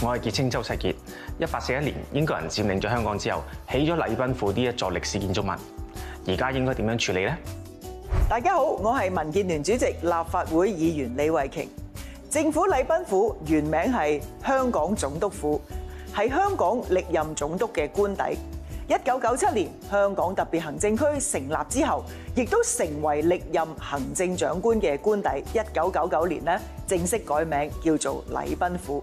我係傑青周世傑。一八四一年英國人佔領咗香港之後，起咗禮賓府呢一座歷史建築物。而家應該點樣處理呢？大家好，我係民建聯主席、立法會議員李慧瓊。政府禮賓府原名係香港總督府，係香港歷任總督嘅官邸。一九九七年香港特別行政區成立之後，亦都成為歷任行政長官嘅官邸。一九九九年呢正式改名叫做禮賓府。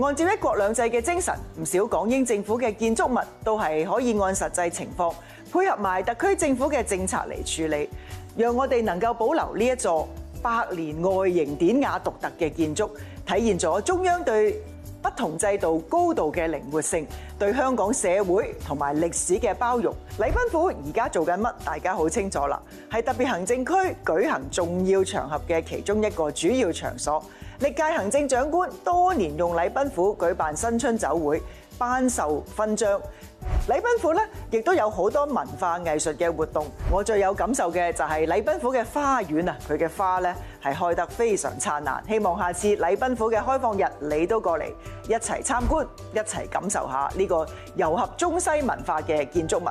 按照一國兩制嘅精神，唔少港英政府嘅建築物都係可以按實際情況配合埋特區政府嘅政策嚟處理，讓我哋能夠保留呢一座百年外形典雅獨特嘅建築，體現咗中央對不同制度高度嘅靈活性，對香港社會同埋歷史嘅包容。禮賓府而家做緊乜？大家好清楚啦，係特別行政區舉行重要場合嘅其中一個主要場所。歷屆行政長官多年用禮賓府舉辦新春酒會、頒授勳章。禮賓府咧亦都有好多文化藝術嘅活動。我最有感受嘅就係禮賓府嘅花園啊，佢嘅花咧係開得非常燦爛。希望下次禮賓府嘅開放日，你都過嚟一齊參觀，一齊感受一下呢個融合中西文化嘅建築物。